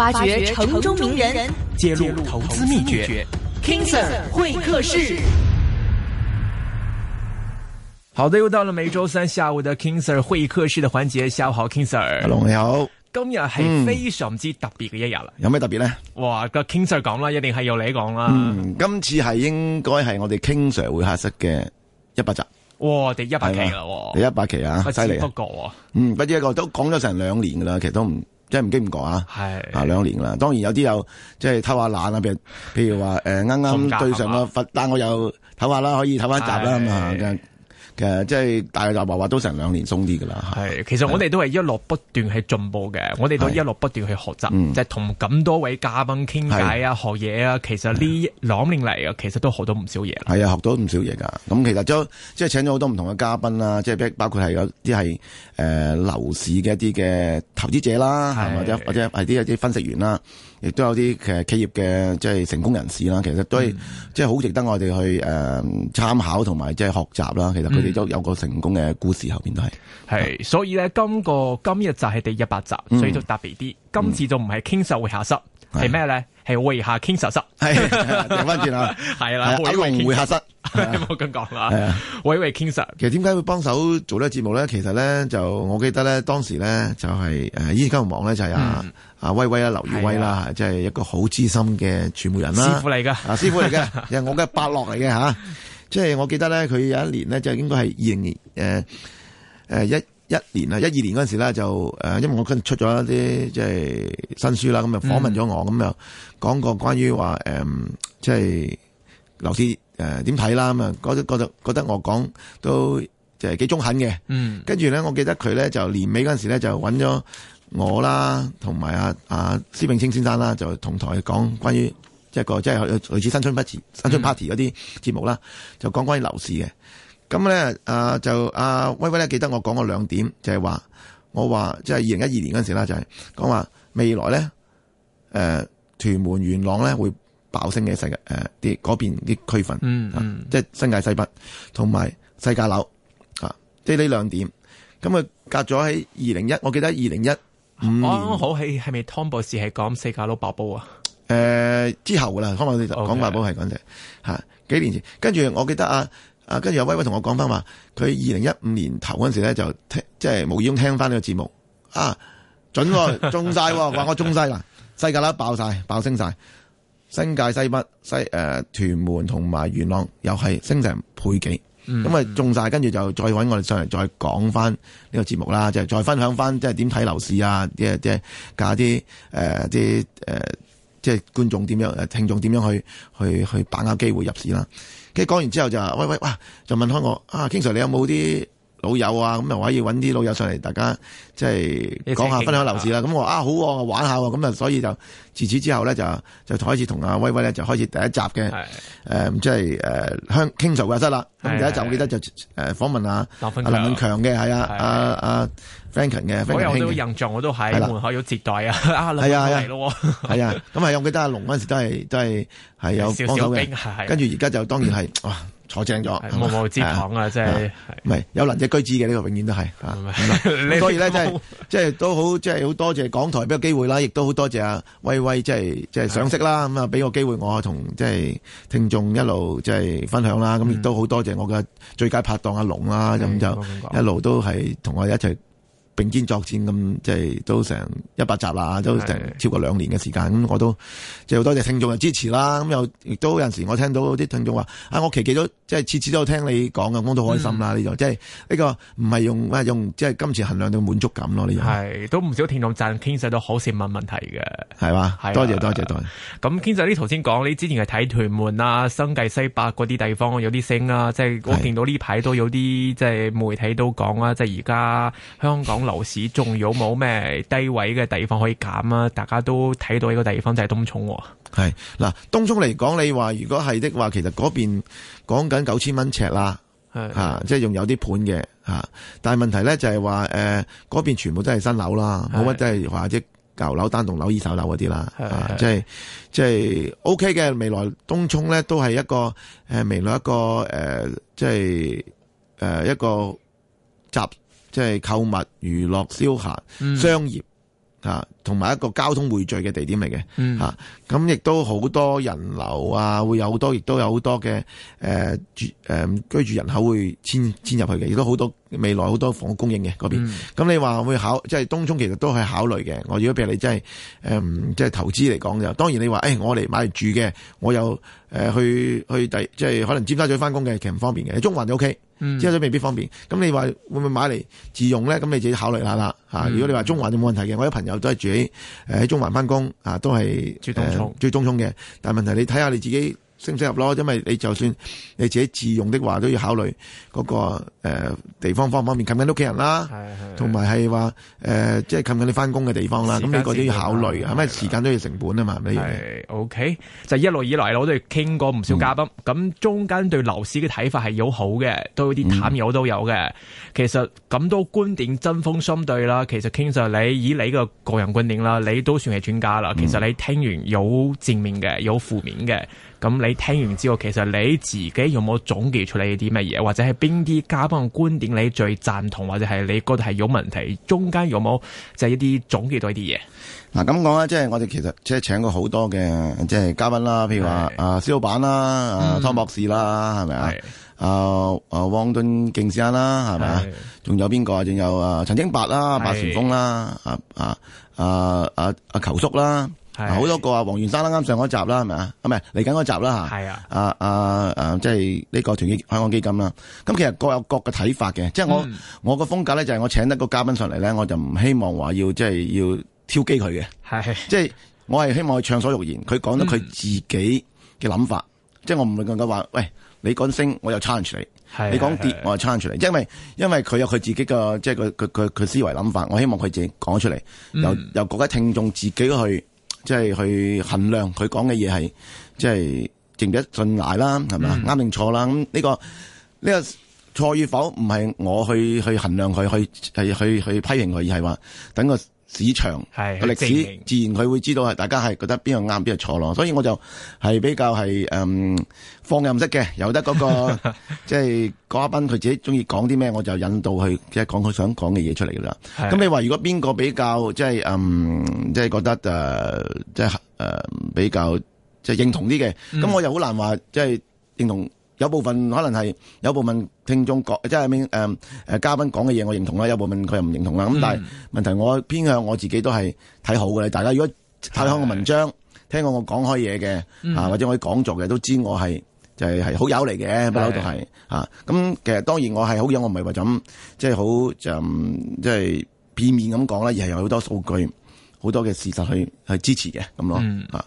發掘城中名人，揭露投資秘，秘訣。King Sir 會客室，好的，又到了每周三下午的 King Sir 會客室的環節。下午好，King Sir。Hello 你好。今日係非常之、嗯、特別嘅一日啦。有咩特別呢？哇，個 King Sir 講啦，一定係由你講啦、嗯。今次係應該係我哋 King Sir 會客室嘅一百集。哇，第一百期啦，第一百期啊，犀利不過。啊不過啊、嗯，不止一個，都講咗成兩年噶啦，其實都唔。即係唔經唔覺嚇，係啊，兩年啦。當然有啲又即係偷下懶啊，譬如譬如話啱啱對上個罰單，但我又唞下啦，可以唞翻一集啦咁樣。誒、就是，即係，大大就話話都成兩年鬆啲噶啦，係。其實我哋都係一路不斷去進步嘅，我哋都一路不斷去學習，就係同咁多位嘉賓傾偈啊、學嘢啊。其實呢兩年嚟啊，其實都學到唔少嘢啦。係啊，學到唔少嘢噶。咁其實即係請咗好多唔同嘅嘉賓啦，即係包括係有啲係誒樓市嘅一啲嘅投資者啦，或者或者係啲一啲分析員啦。亦都有啲其企業嘅，即係成功人士啦，其實都係即係好值得我哋去誒參考同埋即係學習啦。其實佢哋都有個成功嘅故事後邊都係系，所以咧今個今日就係第一百集，所以就特別啲，嗯嗯。今次就唔係 King Sir 會下室係咩咧？係會下 King Sir 室，係調翻轉啦，係啦，威龍會下室咁講啊。係 啊，威威 King Sir。其實點解會幫手做個節呢個節目咧？其實咧就我記得咧當時咧就係、是、誒，依家唔忙咧就係啊。啊威威，劉威啊劉宇威啦，即係一個好資深嘅傳媒人啦，師傅嚟噶，啊師傅嚟噶，又係我嘅伯樂嚟嘅吓，即係我記得咧，佢有一年咧，就是、應該係二零年誒誒、呃、一一年啊，一二年嗰陣時咧就誒、呃，因為我出咗一啲即係新書啦，咁就訪問咗我，咁就講過關於話誒，即係樓市誒點睇啦，咁、就是呃、啊覺得覺得覺得我講都就係幾中肯嘅，嗯，跟住咧，我記得佢咧就年尾嗰陣時咧就揾咗。我啦，同埋阿阿施永青先生啦，就同台講關於即係個即係類似新春 party 新春 party 嗰啲節目啦，就講關於樓市嘅。咁咧啊就阿、啊、威威咧記得我講過兩點，就係、是、話我話即係二零一二年陣時啦，就係、是、講話未來咧，誒、呃、屯門元朗咧會爆升嘅世界誒啲嗰邊啲區分，嗯，嗯、啊、即係新界西北同埋細價樓啊，即係呢兩點。咁啊隔咗喺二零一，我記得二零一。啱好係係咪湯博士係講世界樓爆煲啊？誒、呃，之後噶啦，湯博士講爆煲係講緊吓？幾年前，跟住我記得啊啊，跟住有威威同我講翻話，佢二零一五年頭嗰時咧就聽即係無意中聽翻呢個節目啊，準中晒，話、 哦、我中晒啦，世界樓爆晒，爆升晒，新界西北西誒、呃、屯門同埋元朗又係升成倍幾。咁、嗯、啊，中晒，跟住就再揾我哋上嚟再講翻呢個節目啦，即係再分享翻，即係點睇樓市啊！即係即係教啲誒啲誒即係觀眾點樣誒聽眾點樣去去去把握機會入市啦。跟住講完之後就話喂喂，哇！就問開我啊，King Sir 你有冇啲？老友啊，咁又可以揾啲老友上嚟，大家即係講下分享樓市啦。咁、啊、我啊好啊玩下喎、啊，咁啊所以就自此之後咧，就就開始同阿威威咧就開始第一集嘅，誒，即係誒香傾訴嘅室啦。咁、就是啊、第一集我記得就訪問啊林永強嘅，係啊，阿阿 Franken 嘅。所、啊啊啊、有我都有印象，我都喺門口有接待啊。係啊係啊，係啊。咁係、 啊、我記得阿龍嗰陣時都係都係係有幫手嘅。小小跟住而家就當然係。呃嗯坐正咗，冇冇接堂啊！真係、啊，唔、即係啊啊啊、有能者居之嘅呢個永遠都係、啊啊啊啊啊啊。所以咧，真係即係都好，即係好多謝港台俾個機會啦，亦都好多謝阿威威，即係即係賞識啦。咁、即係、啊，俾個機會我同即係聽眾一路即係分享啦。咁、嗯、亦都好多謝我嘅最佳拍檔、嗯、阿龍啦。咁、嗯、就一路都係同我哋一齊。並肩作戰咁，即係都成一百集啦，都成超過兩年嘅時間。咁我都即係多謝聽眾嘅支持啦。咁有，亦都有陣時，我聽到啲聽眾話：啊，我期期都即係次次都聽你講嘅，我都開心啦。呢、嗯、度，即係呢個唔係用用即係金錢衡量到滿足感咯。呢個係都唔少聽眾贊，傾曬都好善問問題嘅，係嘛？多謝多謝多謝。咁傾曬啲頭先講，你之前係睇屯門啊、新界西北嗰啲地方有啲升啊。即係我見到呢排都有啲即係媒體都講啦，即係而家香港，樓市仲有冇咩低位嘅地方可以減啊？大家都睇到呢個地方就係東涌。係嗱，東涌嚟講，你話如果係的話，其實嗰邊講緊九千蚊尺啦，吓、啊，即係仲有啲盤嘅吓。但係問題咧就係話，誒、呃，嗰邊全部都係新樓啦，冇乜即係話即舊樓、是樓樓單棟樓、二手樓嗰啲啦，吓、啊，即係即係 O K 嘅。未來東涌咧都係一個誒、呃，未來一個誒、呃，即係誒、呃、一個集。即係購物、娛樂、消閒、商業嚇，同埋、嗯、一個交通匯聚嘅地點嚟嘅嚇，咁、嗯啊、亦都好多人流啊，會有好多，亦都有好多嘅誒、呃、住誒、呃、居住人口會遷遷入去嘅，亦都好多。未來好多房屋供應嘅嗰邊，咁你話會考，即係東涌其實都係考慮嘅。我如果譬如你真係誒，即係投資嚟講就，當然你話，誒、欸、我嚟買嚟住嘅，我有誒、呃、去去第，即係可能尖沙咀翻工嘅，其實唔方便嘅。中環就 OK，尖沙咀未必方便。咁、嗯、你話會唔會買嚟自用咧？咁你自己考慮下啦、啊、如果你話中環就冇問題嘅，嗯、我有朋友都係住喺誒喺中環翻工，啊都係最東涌、呃，追東涌嘅。但係問題你睇下你自己。適唔適合咯？因為你就算你自己自用的話，都要考慮嗰、嗰個、呃、地方方唔方便，近緊屋企人啦，同埋係話誒，即係近緊你翻工嘅地方啦。咁你個都要考慮，係咪時間都要成本啊嘛，係咪？OK 就一路以來，我都傾過唔少嘉賓，咁、嗯、中間對樓市嘅睇法係有好嘅，都有啲淡友都有嘅、嗯。其實咁多觀點針鋒相對啦。其實傾就你以你嘅個人觀點啦，你都算係專家啦、嗯。其實你聽完有正面嘅，有負面嘅。咁你聽完之後，其實你自己有冇總結出嚟啲乜嘢，或者係邊啲嘉賓嘅觀點你最贊同，或者係你覺得係有問題，中間有冇就係一啲總結到一啲嘢？嗱咁講咧，即係我哋其實即係請過好多嘅即係嘉賓啦，譬如話啊肖老闆啦，湯博士啦，係咪啊？啊、嗯、啊，汪敦敬先生啦，係咪啊？仲有邊個？仲有啊陳清白啦，白旋風啦，啊啊啊啊啊，球叔啦。好、啊、多個王剛剛是是啊，黃元生啦，啱上嗰集啦，係咪啊？唔係，嚟緊嗰集啦嚇。係啊，阿阿誒，即係呢個團結香港基金啦。咁其實各有各嘅睇法嘅，即係我、嗯、我個風格咧，就係我請得個嘉賓上嚟咧，我就唔希望話要即係要挑機佢嘅。係，即係我係希望佢暢所欲言，佢講得佢自己嘅諗法。嗯、即係我唔會咁樣話，喂，你講升，我又撐住你；你講跌，我又撐住你、就是因。因為因為佢有佢自己嘅，即係佢佢佢佢思維諗法。我希望佢自己講出嚟，由、嗯、由各位聽眾自己去。即、就、係、是、去衡量佢講嘅嘢係，即係值得信賴啦，係咪啱定錯啦。咁、嗯、呢、這個呢、這個錯與否，唔係我去去衡量佢，去係去去批評佢，而係話等佢。市場個歷史，自然佢會知道係大家係覺得邊個啱，邊個錯咯。所以我就係比較係誒、嗯、放任式嘅，由得嗰、那個即係、 就是那個、嘉賓佢自己中意講啲咩，我就引導佢即係講佢想講嘅嘢出嚟噶啦。咁你話如果邊個比較即係、就是、嗯即係、就是、覺得誒，即係誒比較即係、就是、認同啲嘅，咁、嗯、我又好難話即係認同。有部分可能係有部分聽眾講，即係誒誒嘉賓講嘅嘢我認同啦，有部分佢又唔認同啦。咁、嗯、但係問題我，我偏向我自己都係睇好嘅。大家如果睇開我文章，聽過我講開嘢嘅啊，或者我啲講座嘅都知我係就係、係、好友嚟嘅，不嬲都係啊。咁其實當然我係好友，我唔係話就咁即係好就即係片面咁講啦，而係有好多數據、好多嘅事實去去支持嘅咁咯啊。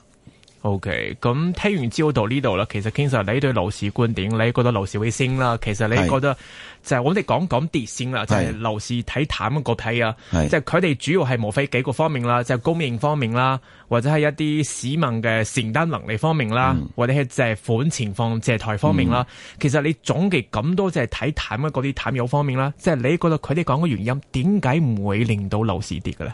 OK，咁聽完朝到呢度啦，其實其實你對樓市觀點，你覺得樓市會升啦？其實你覺得就係我哋講講跌先啦，就係、是、樓、就是、市睇淡個睇啊，即係佢哋主要係無非幾個方面啦，就係供應方面啦，或者係一啲市民嘅承擔能力方面啦，嗯，或者係借款情況、借貸方面啦，嗯。其實你總結咁多，就係睇淡嘅嗰啲淡友方面啦，即、就、係、是、你覺得佢哋講嘅原因，點解唔會令到樓市跌嘅咧？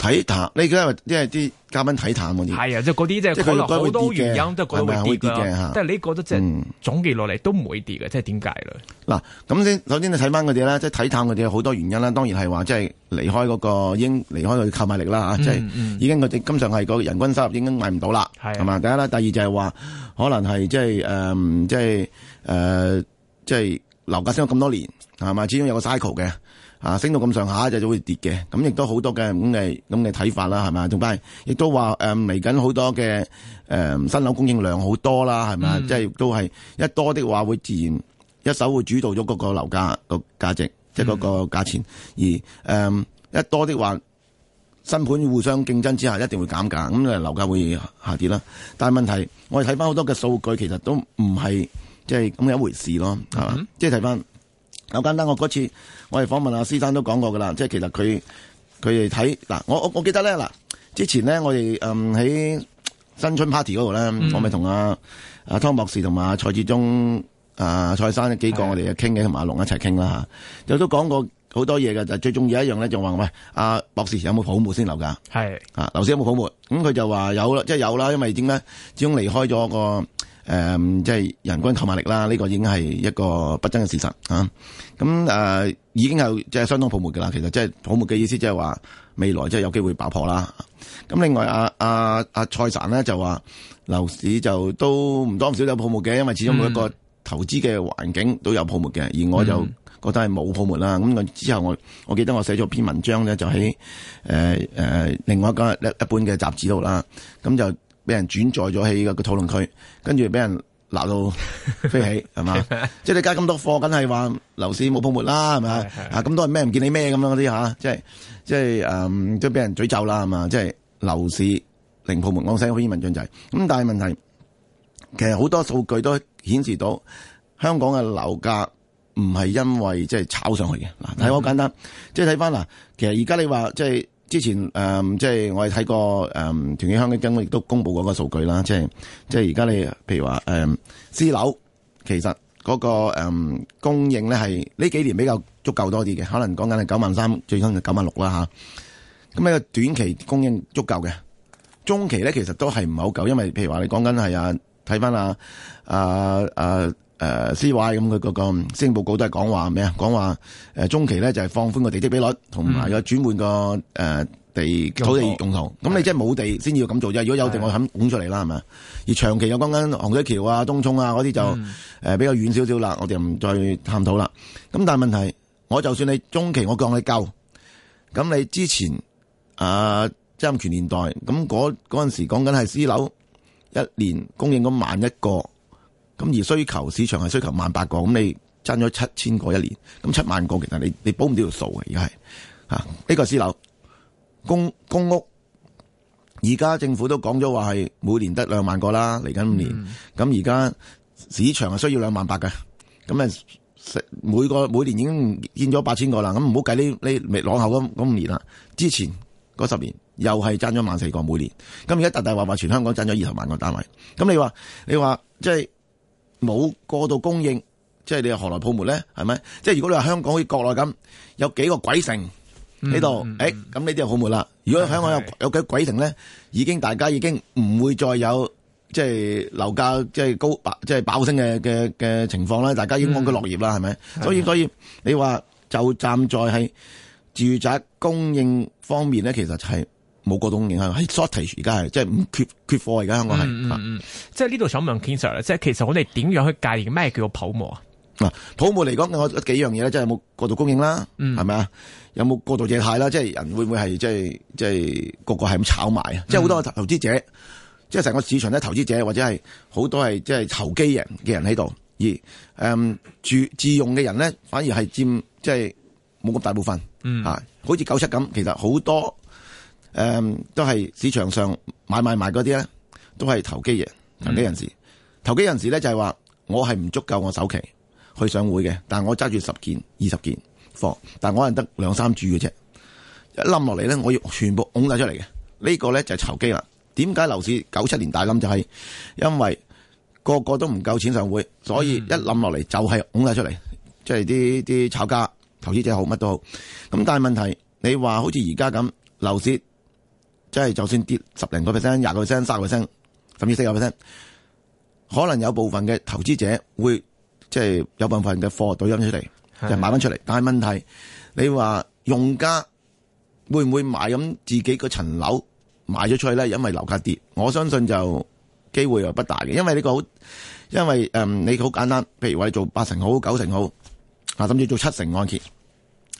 睇淡，你而家因為啲嘉賓睇淡喎，而、哎、啊，即係嗰啲即係可能好多原因都覺得會跌嘅、嗯，即係你覺得，即係總結落嚟都唔會跌嘅，即係點解咧？嗱，咁先首先你睇翻嗰啲咧，即係睇淡嗰啲有好多原因啦。當然係話即係離開嗰、嗰個英離開佢購買力啦嚇、嗯嗯，即係已經佢哋今上係個人均收入已經買唔到啦，係嘛？第一啦，第二就係話可能係即係誒，即係誒、呃，即係樓、呃、價升咗咁多年，係嘛？始終有個 cycle 嘅。啊，升到咁上下就就會跌嘅，咁、嗯、亦都好多嘅咁嘅咁嘅睇法啦，係咪？仲但係亦都話誒嚟緊好多嘅誒、嗯、新樓供應量好多啦，係咪？即係亦都係一多的話會自然一手會主導咗嗰個樓價、個價值，嗯、即係嗰個價錢。而誒、嗯、一多的話，新盤互相競爭之下一定會減價，咁誒樓價會下跌啦。但係問題我哋睇翻好多嘅數據，其實都唔係即係咁一回事咯，係嘛？即係睇翻。就是好簡單，那我，我嗰次我哋訪問阿師生都講過噶啦，即係其實佢佢哋睇嗱，我我記得咧嗱，之前咧我哋誒喺新春 party 嗰度咧，我咪同阿阿湯博士同埋阿蔡志忠啊蔡生一幾個我哋啊傾嘅，同埋阿龍一齊傾啦嚇，有都講過好多嘢嘅，就最中意一樣咧就話、是、喂，阿、啊、博士有冇泡沫先樓價？係啊，樓市有冇泡沫？咁、嗯、佢就話有啦，即係有啦，因為點呢？始終離開咗、那個。誒、嗯，即、就、係、是、人均購買力啦，呢、這個已經係一個不爭嘅事實嚇。咁、啊嗯、已經有即係、就是、相當泡沫嘅啦。其實即係泡沫嘅意思即係話未來即係有機會爆破啦。咁另外阿阿阿蔡神呢就話樓市就都唔多唔少有泡沫嘅，因為始終每一個投資嘅環境都有泡沫嘅。而我就覺得係冇泡沫啦。咁、嗯、我、嗯、之後我我記得我寫咗篇文章咧，就、呃、喺、呃、另外一個一一本嘅雜誌度啦，咁、啊、就。俾人轉載咗喺個個討論區，跟住俾人鬧到飛起，係 嘛？即係你加咁多貨，梗係話樓市冇泡沫啦，係嘛、啊？啊咁多人咩唔見你咩咁樣嗰啲吓，即係即係誒，都俾人咀咒啦，係嘛？即係樓、嗯、市零泡沫，我聲可以文津就係咁。但係問題，其實好多數據都顯示到香港嘅樓價唔係因為即係炒上去嘅。嗱，睇好簡單，即係睇翻嗱，其實而家你話即係。之前誒、嗯、即係我哋睇過誒、嗯、團結鄉嘅，經歷都公佈嗰個數據啦。即係即係而家你譬如話誒、嗯、私樓，其實嗰、那個誒、嗯、供應呢係呢幾年比較足夠多啲嘅，可能講緊係九萬三，最新係九萬六啦吓。咁、啊、咧、那個、短期供應足夠嘅，中期呢其實都係唔係好夠，因為譬如話你講緊係呀，睇返呀。啊啊。誒，C.Y. 咁佢個施政報告都係講話咩啊？講話誒中期咧就係放寬個地積比率，同埋個轉換個誒地、嗯、土地用途。咁你即係冇地先要咁做啫。如果有地，我肯拱出嚟啦，係咪？而長期又講緊洪水橋啊、東涌啊嗰啲就誒比較遠少少啦。我哋唔再探討啦。咁但係問題，我就算你中期我降你夠，咁你之前誒曾權年代咁嗰嗰陣時講緊係私樓一年供應咁萬一個。咁而需求市場係需求萬八個，咁你爭咗七千個一年，咁七萬個其實你你補唔到條數嘅，而家係吓呢個私樓公公屋，而家政府都講咗話係每年得兩萬個啦。嚟緊五年咁，而、嗯、家市場係需要兩萬八嘅，咁啊每個每年已經建咗八千個啦。咁唔好計呢呢未往後五年啦，之前嗰十年又係爭咗萬四個每年。咁而家大大話話全香港爭咗二十萬個單位，咁你話你話即係？就是冇過度供應，即係你又何來泡沫咧？係咪？即係如果你話香港好似國內咁有幾個鬼城喺度，誒咁呢啲就泡沫啦。如果香港有有幾個鬼城咧，已經大家已經唔會再有即係樓價即係高即係爆升嘅嘅嘅情況啦。大家應該望佢落業安居樂業啦，係、嗯、咪？所以所以你話就站在係住宅供應方面咧，其實係、就係。冇嗰種影響，係 shortage 而家係，即係唔缺缺貨而家香港係，即係呢度想問 King Sir 即係其實我哋點樣去界定咩叫做泡沫啊？嗱，泡沫嚟講，我幾樣嘢咧，即係有冇過度供應啦，係咪啊？有冇過度借貸啦？即係人會唔會係即係即係個個係咁炒賣啊、嗯？即係好多投資者，即係成個市場咧，投資者或者係好多係即係投機人嘅人喺度，而誒、嗯、住自用嘅人咧，反而係佔即係冇咁大部分，嗯、啊，好似九七咁，其實好多。誒、um,，都係市場上買買買嗰啲咧，都係投機嘢、投機人士。嗯、投機人士咧就係話，我係唔足夠我首期去上會嘅，但係我揸住十件、二十件貨，但係我係得兩三注嘅啫。一冧落嚟咧，我要全部拱晒出嚟嘅。呢、這個咧就係投機啦。點解樓市九七年大冧就係、是、因為個個都唔夠錢上會，所以一冧落嚟就係拱晒出嚟，即係啲啲炒家、投資者好乜都好。咁但係問題，你話好似而家咁樓市。即係就算跌十零個 percent、廿個 percent、三十個 percent 甚至四十個 percent，可能有部分嘅投資者會即係有部分嘅貨倒咗出嚟，就是、買翻出嚟。但係問題，你話用家會唔會賣咁自己個層樓賣咗出去咧？因為樓價跌，我相信就機會又不大嘅。因為呢個好，因為誒、嗯，你好簡單，譬如話你做八成好、九成好，啊甚至做七成按揭，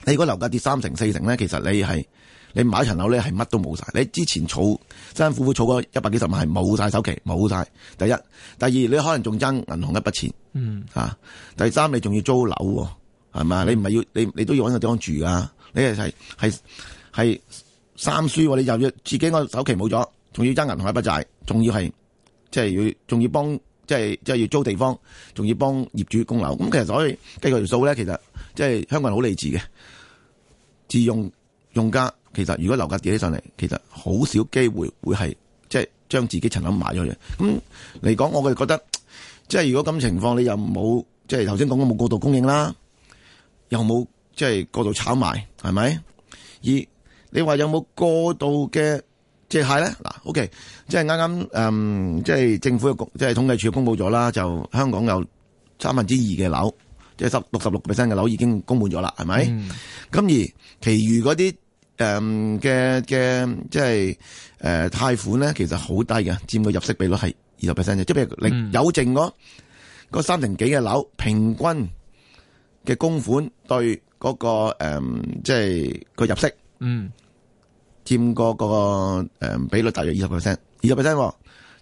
你如果樓價跌三成、四成咧，其實你係。你買一層樓咧，係乜都冇晒。你之前儲辛辛苦苦儲個一百幾十萬，係冇晒首期，冇晒。第一、第二，你可能仲爭銀行一筆錢，吓、啊。第三，你仲要租樓，係嘛、嗯？你唔係要你，你都要搵個地方住㗎、啊。你係係係係三輸。你又要自己個首期冇咗，仲要爭銀行一筆債，仲要係即係要，仲要幫即係即係要租地方，仲要幫業主供樓。咁其實所以計過條數咧，其實即係香港人好理智嘅，自用用家。其實如果樓價跌起上嚟，其實好少機會會係即係將自己層樓賣咗嘅。咁嚟講，我哋覺得即係如果咁情況，你又冇即係頭先講嘅冇過度供應啦，又冇即係過度炒賣，係咪？而你話有冇過度嘅借債咧？嗱，OK，即係啱啱誒，即係政府嘅即係統計處公布咗啦，就香港有三分之二嘅樓，即係六十六 percent 嘅樓已經供滿咗啦，係咪？咁、嗯、而其餘嗰啲。誒嘅嘅即係誒貸款咧，其實好低嘅，佔個入息比率係二十 percent 嘅。即係譬如你有剩嗰三零幾嘅樓，平均嘅供款對嗰、那個誒、呃、即係個入息佔、那個，嗯、呃，佔個嗰個誒比率大約二十 percent，二十 percent，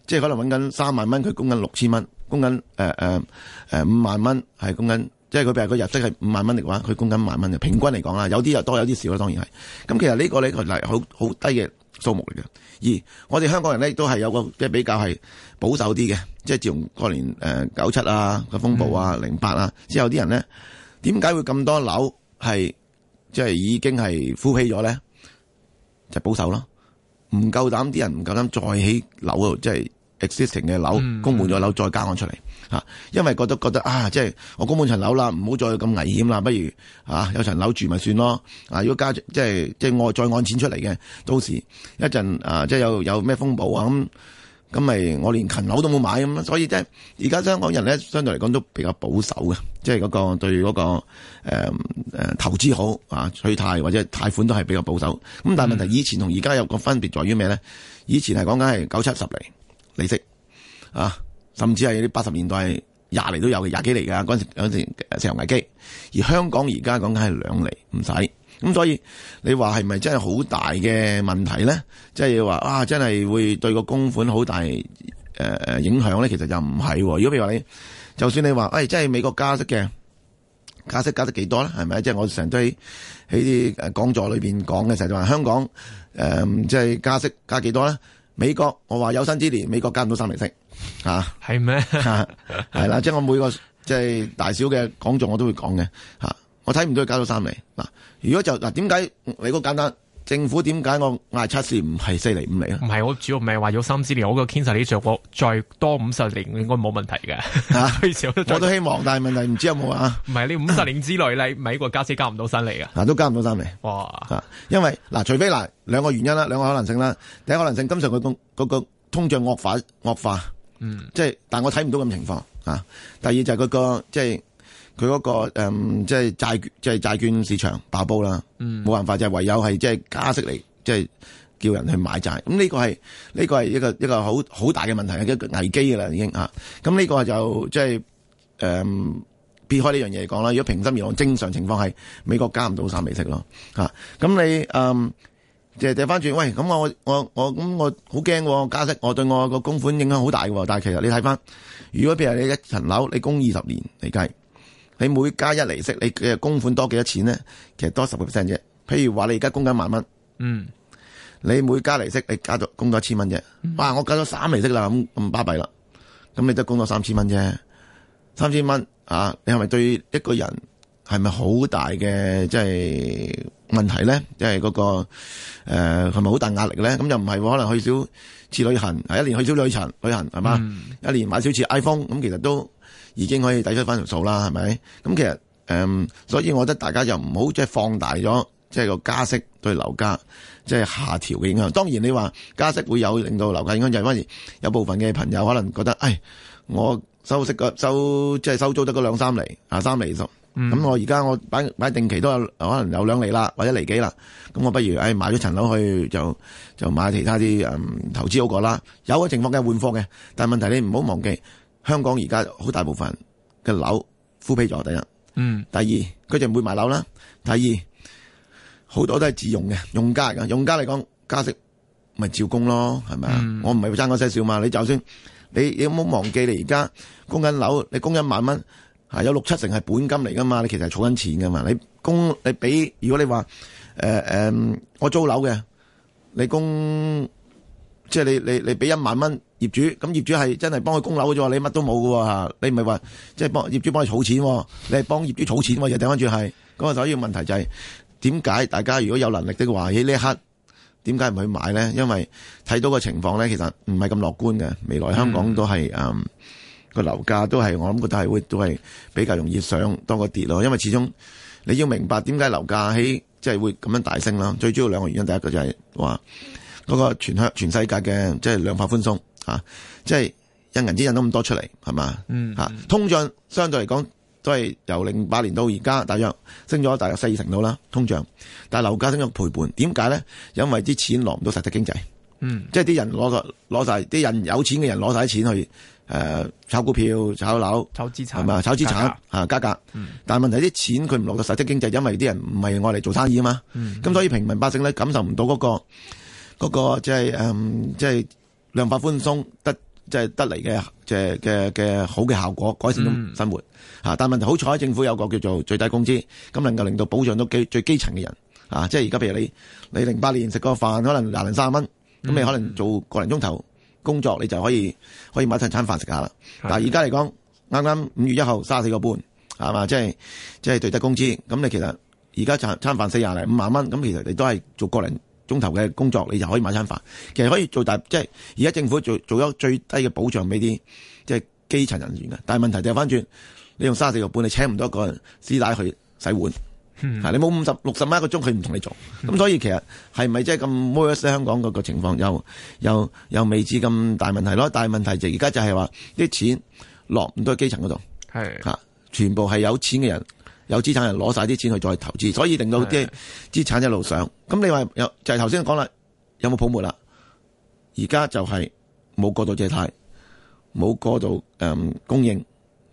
即係可能搵緊三萬蚊，佢供緊六千蚊，供緊誒誒誒五萬蚊係供緊。即係佢譬如個入息係五萬蚊嘅話，佢供緊萬蚊嘅平均嚟講啦，有啲又多，有啲少啦，當然係。咁其實呢個咧係好好低嘅數目嚟嘅。而我哋香港人咧亦都係有個即係比較係保守啲嘅，即係自從過年誒九七啊嘅風暴啊、零八啊，之後呢有啲人咧點解會咁多樓係即係已經係呼皮咗咧？就保守咯，唔夠膽啲人唔夠膽再起樓度，即係 existing 嘅樓供滿咗樓再加按出嚟。吓，因為覺得覺得啊，即係我供滿層樓啦，唔好再咁危險啦，不如啊，有層樓住咪算咯。啊，如果、啊、加即係即係我再按錢出嚟嘅，到時一陣啊，即係有即有咩風暴啊咁，咁咪我連勤樓都冇買咁，所以即係而家香港人咧，相對嚟講都比較保守嘅，即係嗰個對嗰個誒誒、嗯、投資好啊，取貸或者貸款都係比較保守。咁但係問題，以前同而家有個分別在於咩咧？以前係講緊係九七十厘利息啊。甚至係八十年代廿釐都有嘅，廿幾釐㗎。嗰陣時嗰陣時石油危機，而香港而家講緊係兩釐唔使。咁所以你話係咪真係好大嘅問題咧？即係話啊，真係會對個供款好大誒、呃、影響咧？其實就唔係、哦。如果譬如話，你就算你話，喂、哎，真係美國加息嘅，加息加得幾多咧？係咪？即係我成堆喺啲講座裏面講嘅時候話，香港誒即係加息加幾多咧？美國我話有生之年美國加唔到三厘息。吓係咩？吓係、 啊、啦，即、就、係、是、我每個即係、就是、大小嘅講座，我都會講嘅吓。我睇唔到佢加到三厘嗱、啊。如果就嗱，點解你嗰簡單政府點解我嗌七年唔係四厘五厘咧？唔係我主要唔係話有三思，年，我個 kensa 你着我再多五十年，應該冇問題嘅吓。啊、 多我都希望， 但係問題唔知有冇啊？唔係你五十年之內， 你個家美國加息加唔到三厘啊？嗱，都加唔到三厘哇、啊。因為嗱、啊，除非嗱兩個原因啦，兩個可能性啦。第一可能性，今時佢通個通脹惡化惡化。嗯，即係，但我睇唔到咁情況啊。第二就係佢個即係佢嗰個誒，即係債即係債券市場爆煲啦。嗯，冇辦法就唯有係即係加息嚟，即係叫人去買債。咁呢個係呢個係一個一個好好大嘅問題，一個危機噶啦已經吓。咁呢個就即係誒，撇開呢樣嘢嚟講啦。如果平心而論，正常情況係美國加唔到三美息咯吓。咁你嗯。即係掉翻轉，喂，咁我我我咁我好驚加息，我對我個供款影響好大嘅。但係其實你睇翻，如果譬如你一層樓，你供二十年嚟計，你每加一利息，你嘅供款多幾多錢咧？其實多十個 percent 啫。譬如話你而家供緊萬蚊，嗯，你每加利息，你加咗供多一千蚊啫。哇，我加咗三利息啦，咁咁巴閉啦，咁你都供多三千蚊啫。三千蚊啊，你係咪對一個人係咪好大嘅即係？就是問題咧，即係嗰個誒，係咪好大壓力咧？咁又唔係，可能去少次旅行，係一年去少次旅、旅行，旅行係嘛？一年買少次 iPhone，咁其實都已經可以抵出翻條數啦，係咪？咁其實誒、呃，所以我覺得大家就唔好即係放大咗，即係個加息對樓價即係下調嘅影響。當然你話加息會有令到樓價影響，就係反而有部分嘅朋友可能覺得，誒，我收息個收即係收租得嗰兩三厘啊，三厘咁。咁、嗯、我而家我擺定期都有可能有兩厘啦，或者厘幾啦。咁我不如誒、哎、買咗層樓去，就就買其他啲誒、嗯、投資好過啦。有個情況梗係換貨嘅，但係問題，你唔好忘記，香港而家好大部分嘅樓敷批咗，第一，第二佢就唔會買樓啦。第二好多都係自用嘅，用家噶，用家嚟講，加息咪照供咯，係咪啊？我唔係爭嗰些少嘛。你就算你有冇忘記你而家供緊樓，你供一萬蚊。有六七成係本金嚟噶嘛？你其實係儲緊錢噶嘛？你供你俾，如果你話誒誒，我租樓嘅，你供即係你你你俾一萬蚊業主，咁業主係真係幫佢供樓嘅啫，你乜都冇㗎吓，你唔係話即係幫業主幫佢儲錢，啊，你係幫業主儲錢嘅，啊。頂翻住係，咁我首要問題就係點解大家如果有能力的話，喺呢一刻點解唔去買咧？因為睇到個情況咧，其實唔係咁樂觀嘅，未來香港都係個樓價都係我諗，覺得係會都係比較容易上，多過跌咯。因為始終你要明白點解樓價起即係、就是、會咁樣大升啦。最主要兩個原因，第一個就係話嗰個全香全世界嘅即係量化寬鬆吓，即係印銀紙印都咁多出嚟，係嘛吓？通脹相對嚟講都係由零八年到而家大約升咗大約四成度啦。通脹，但係樓價升咗倍半，點解咧？因為啲錢落唔到實體經濟，嗯，即係啲人攞個攞晒啲人有錢嘅人攞晒啲錢去。誒、呃，炒股票、炒樓、炒資產，係嘛？炒資產啊，加價。嗯、但係問題啲錢佢唔落到實質經濟，因為啲人唔係愛嚟做生意啊嘛。咁、嗯、所以平民百姓咧感受唔到嗰、那個嗰、那個即係誒，即、嗯、係、就是、量化寬鬆得即係、就是、得嚟嘅嘅嘅嘅好嘅效果，改善到生活、嗯啊、但係問題好彩，政府有個叫做最低工資，咁能夠令到保障到基最基層嘅人啊，即係而家譬如你你零八年食個飯可能廿零三十蚊，咁、嗯、你可能做個零鐘頭。工作你就可以可以買一餐飯食下啦。嗱，而家嚟講，啱啱五月一號卅四個半，係嘛，即係即係最低工資。咁你其實而家餐餐飯四廿零五萬蚊，咁其實你都係做個零鐘頭嘅工作，你就可以買餐飯。其實可以做大，即係而家政府做做咗最低嘅保障俾啲即係基層人員嘅。但係問題掉翻轉，你用卅四個半，你請唔到一個人師奶去洗碗。吓 你冇五十六十蚊一個鐘，佢唔同你做，咁 所以其實係咪即係咁？most 香港個個情況又又又未至咁大問題咯，大問題就而家就係話啲錢落唔到去基層嗰度，係吓全部係有錢嘅人、有資產嘅人攞晒啲錢去再投資，所以令到啲資產一路上。咁你話有就係頭先講啦，有冇泡沫啦？而家就係冇過度借貸，冇過度誒、嗯、供應，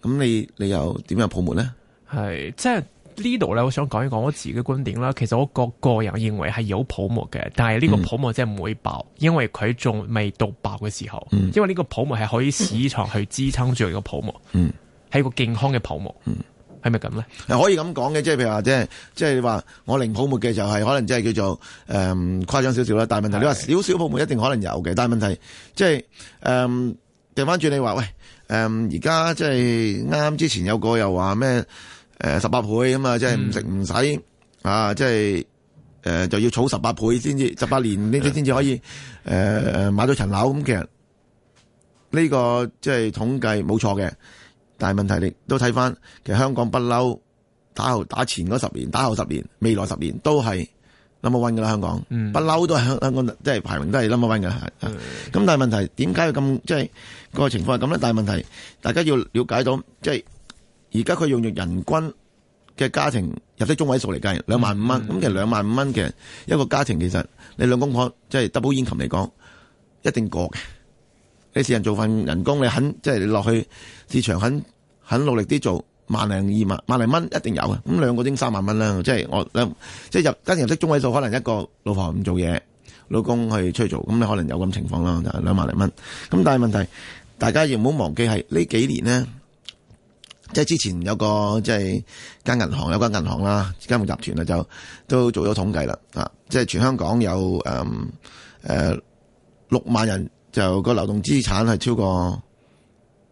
咁你你又點樣泡沫咧？係即係。就是呢度咧，我想講一講我自己嘅觀點啦。其實我個個人認為係有泡沫嘅，但係呢個泡沫即係唔會爆，嗯、因為佢仲未到爆嘅時候。嗯、因為呢個泡沫係可以市場去支撐住個泡沫，嗯，係個健康嘅泡沫，嗯，係咪咁咧？可以咁講嘅，即係譬如話，即係即係你話我零泡沫嘅就係、是、可能即係叫做誒誇張少少啦。但、呃、係問題你話少少泡沫一定可能有嘅，但係問題即係誒掉翻轉你話喂，誒而家即係啱啱之前有個又話咩？誒，十八倍吖嘛，即係唔食唔使啊，即係誒，就要儲十八倍先至，十八年呢啲先至可以誒買到層樓咁。其實呢個即係統計冇錯嘅，但係問題你都睇翻，其實香港不嬲打後打前嗰十年，打後十年，未來十年都係 number one 㗎啦。香港不嬲都係香香港，即係排名都係 number one 㗎。咁但係問題點解要咁即係個情況係咁咧？但係問題大家要了解到即係。而家佢用用人均嘅家庭入息中位數嚟計，兩萬五蚊。咁、嗯、其實兩萬五蚊嘅一個家庭，其實你兩公婆即係 double income 嚟講，一定過嘅。你私人做份人工，你肯即係落去市場肯肯努力啲做，萬零二萬萬零蚊一定有。咁兩個已經三萬蚊啦，即係我兩即係入家庭入息中位數，可能一個老婆唔做嘢，老公去出去做，咁你可能有咁情況啦，就兩萬零蚊。咁但係問題，大家要唔好忘記係呢幾年呢。即係之前有個即係間銀行有間銀行啦，金融集團啦，就都做咗統計啦，啊！即係全香港有誒誒六萬人就個流動資產係超過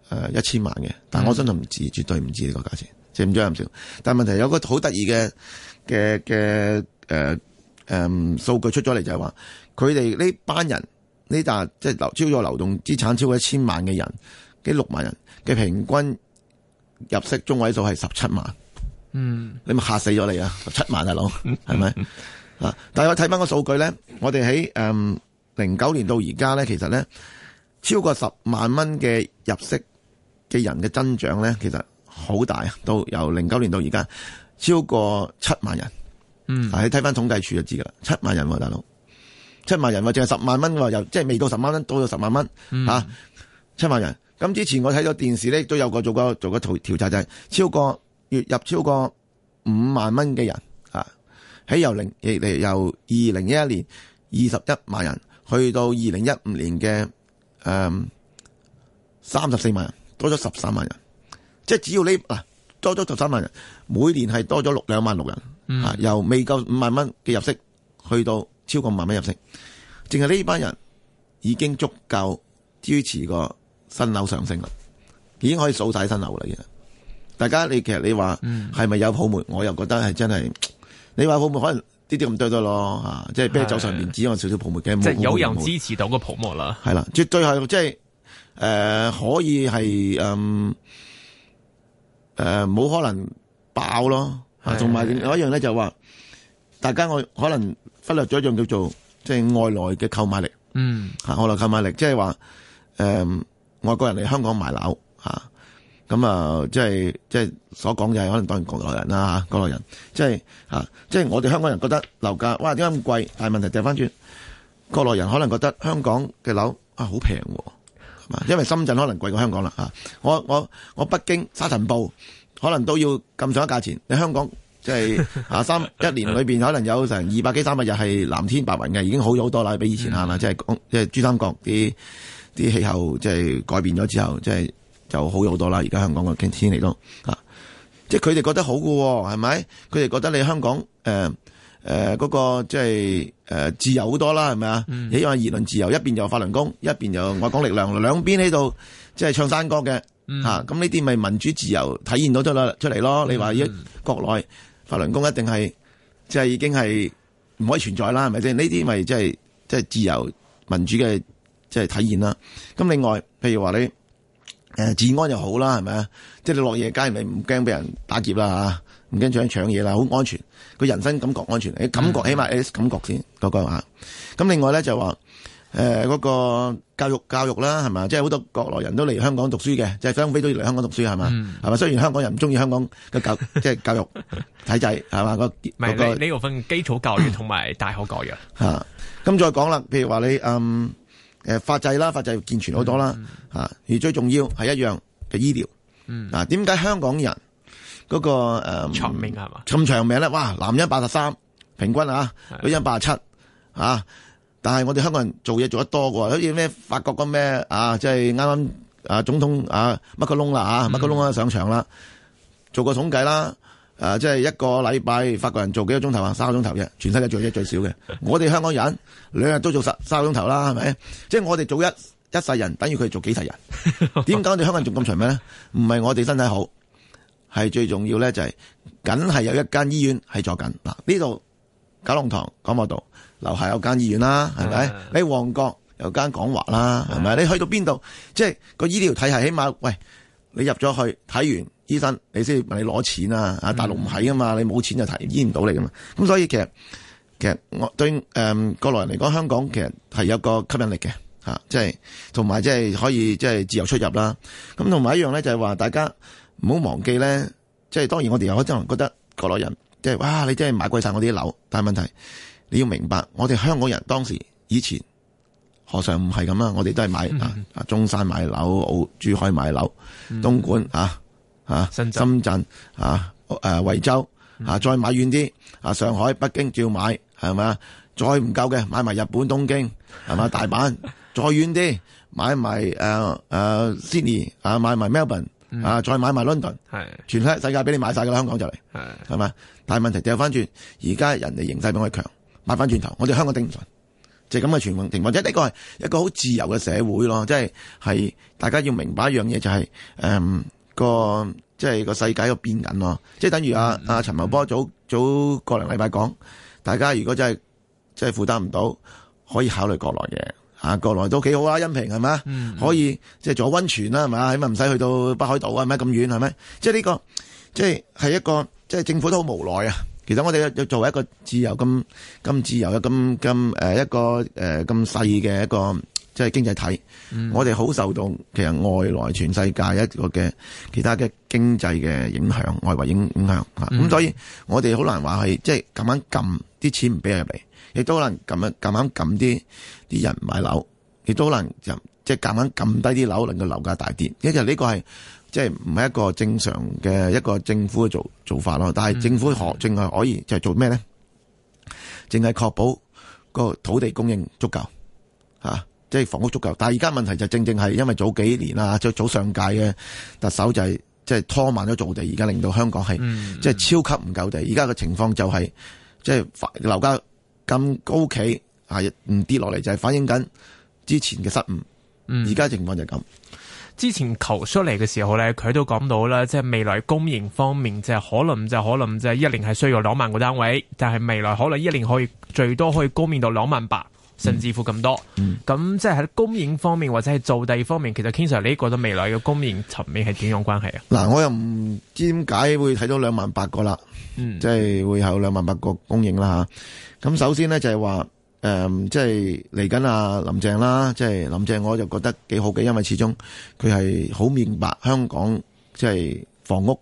誒一千萬嘅，但我真係唔知，絕對唔知呢個價錢，即唔知咁少。但係問題有個好得意嘅嘅嘅誒誒數據出咗嚟，就係話佢哋呢班人呢達即係流超過流動資產超過一千萬嘅人，幾六萬人嘅平均，入息中位數係十七萬，嗯，你咪吓死咗你啊！十七萬大佬，係咪啊？但係我睇翻個數據咧，我哋喺誒零九年到而家咧，其實咧超過十萬蚊嘅入息嘅人嘅增長咧，其實好大啊！到由零九年到而家，超過七萬人，嗯，你睇翻統計處就知噶啦，七萬人喎、啊，大佬，七萬人喎、啊，淨係十萬蚊喎，又即係未到十萬蚊，到到十萬蚊，吓、嗯，七、啊、萬人。咁之前我睇咗電視咧，都有個做過做個調調查就係、是、超過月入超過五萬蚊嘅人啊，喺由零誒嚟，由二零一一年二十一萬人去到二零一五年嘅誒三十四萬人，多咗十三萬人。即係只要你啊多咗十三萬人，每年係多咗六兩萬六人啊，由、嗯、未夠五萬蚊嘅入息去到超過五萬蚊入息，淨係呢班人已經足夠支持個。新樓上升啦，已經可以數晒新樓啦。其實大家你其實你話係咪有泡沫，嗯、我又覺得係真係。你話泡沫可能啲啲咁多得咯吓，即係啤酒上面只有少少泡沫嘅，即係有人支持到個泡沫啦。係啦，絕對係即係誒，可以係誒，誒、嗯、冇、呃、可能爆咯。同埋另一樣咧就話，大家我可能忽略咗一樣叫做即係、就是、外來嘅購買力。嗯，外來購買力即係話外國人嚟香港買樓，吓咁啊，即係即係所講就係可能當國內人啦吓，國內人即係、就是、啊即係我哋香港人覺得樓價哇，點解咁貴？但係問題掉翻轉，國內人可能覺得香港嘅樓啊好平，係嘛、啊？因為深圳可能貴過香港啦，吓、啊、我我我北京沙塵暴可能都要咁上下價錢，你香港即係、就是、啊三一年裏邊可能有成二百幾三百日係藍天白雲嘅，已經好咗好多啦，比以前啊啦，即係即係珠三角啲。啲氣候即係改變咗之後，即係就好咗好多啦。而家香港嘅天氣嚟到吓，即係佢哋覺得好㗎喎，係咪？佢哋覺得你香港誒嗰、呃呃嗰個即係誒自由好多啦，係咪啊？起、嗯、碼言論自由，一邊又法輪功，一邊又愛港力量，嗯、兩邊喺度即係唱山歌嘅嚇。咁呢啲咪民主自由體現到出啦出嚟咯？你話一國內法輪功一定係即係已經係唔可以存在啦，係咪先？呢啲咪即係即係自由民主嘅，即、就、係、是、體驗啦。咁另外，譬如話你誒、呃、治安又好啦，係咪啊？即係你落夜街，你唔驚俾人打劫啦嚇，唔驚搶搶嘢啦，好安全。個人生感覺安全，你感覺、嗯、起碼誒感覺先嗰句話。咁、啊、另外咧就話誒嗰個教育教育啦，係咪？即係好多國內人都嚟香港讀書嘅，即係東非都要嚟香港讀書係嘛？係嘛、嗯？雖然香港人唔中意香港嘅教即係 教育體制係嘛？嗰個呢個分基礎教育同埋 大學教育嚇、啊。咁、啊、再講啦，譬如話你嗯。誒，法制啦，法制健全好多啦，吓、嗯、而最重要係一樣嘅醫療。嗯，啊點解香港人嗰、那個誒、呃、長命係、啊、嘛？咁長命咧，哇，男人八十三平均啊，女人八十七啊，但係我哋香港人做嘢做得多嘅，好似咩法國個咩啊，即係啱啱啊總統啊馬克龍啦啊，馬克龍啊克龍上場啦、嗯，做過統計啦。誒、呃，即係一個禮拜，法國人做幾個鐘頭啊，三個鐘頭啫，全世界做嘢最少嘅。 我哋香港人兩日都做十三個鐘頭啦，係咪？即係我哋做一一世人，等於佢做幾世人。點 解我哋香港人仲咁長命咧？唔係我哋身體好，係最重要咧、就是，就係緊係有一間醫院喺坐緊嗱。呢度九龍塘港務道樓下有間醫院啦，係咪？ 你旺角有間廣華啦，係咪？你去到邊度，即係個醫療體系起碼，喂，你入咗去睇完。醫生，你先要問你攞錢啊！啊，大陸唔係啊嘛，你冇錢就提醫唔到你噶嘛。咁所以其實其實我對誒、嗯、國內人嚟講，香港其實係有個吸引力嘅吓即係同埋即係可以即係、就是、自由出入啦。咁同埋一樣咧，就係、是、話大家唔好忘記咧，即、就、係、是、當然我哋又可能覺覺得國內人即係哇，你真係買貴晒我啲樓。但係問題你要明白，我哋香港人當時以前何嘗唔係咁啊？我哋都係買啊中山買樓、澳珠海買樓、嗯、東莞啊。啊，深圳啊，誒、啊，惠州啊，再買遠啲，啊，上海、北京照買，係咪啊？再唔夠嘅，買埋日本東京，係嘛？ 大阪，再遠啲，買埋誒誒 Sydney 啊，買埋 Melbourne，、嗯、啊，再買埋 London，係，全世界俾你買晒噶啦，香港就嚟，係，係嘛？但係問題掉翻轉，而家人哋形勢比我強，買翻轉頭，我哋香港頂唔順，就咁嘅全況情況。或者呢個係一個好自由嘅社會咯，即係係大家要明白一樣嘢就係、是，誒、嗯。個即係個世界都變緊咯，即係等於阿、啊、阿、嗯啊、陳茂波早早個零禮拜講，大家如果真係即係負擔唔到，可以考慮國內嘅、啊、國內都幾好啊，恩平係咪啊？可以即係做溫泉啦，係咪啊？起碼唔使去到北海道啊，係咪咁遠係咪？即係呢、這個即係係一個即係政府都好無奈啊。其實我哋作做一個自由咁咁自由嘅咁咁一個誒咁細嘅一個。呃即、就、係、是、經濟體，嗯、我哋好受到其實外來全世界一個嘅其他嘅經濟嘅影響，外圍影影響咁、嗯嗯、所以我哋好難話係即係咁樣撳啲錢唔俾人入嚟，亦都能咁樣咁樣撳啲啲人買樓，亦都能就即係咁樣撳低啲樓，令到樓價大跌。因為呢個係即係唔係一個正常嘅一個政府嘅做做法咯。但係政府可淨係可以就係、是、做咩咧？淨係確保個土地供應足夠、啊即係房屋足夠但係而家問題就正正係因為早幾年啦，即早上屆嘅特首就係即係拖慢咗造地，而家令到香港係即係超級唔夠地。而家嘅情況就係、是、即係樓價咁高企啊，唔跌落嚟就係反映緊之前嘅失誤。而家情況就咁、嗯。之前求出嚟嘅時候咧，佢都講到啦，即係未來供應方面係可能就可能就一年係需要兩萬個單位，但係未來可能一年可以最多可以供應到兩萬八。甚至乎咁多，咁、嗯嗯、即係喺供應方面或者係造地方面，其實 King Sir 你覺得未來嘅供應層面係點樣關係啊？嗱，我又唔知點解會睇到兩萬八個啦，即、嗯、係、就是、會有兩萬八個供應啦吓。咁首先呢、嗯，就係、是、話，誒，即係嚟緊阿林鄭啦，即係林鄭，我就覺得幾好嘅，因為始終佢係好明白香港即係、就是、房屋。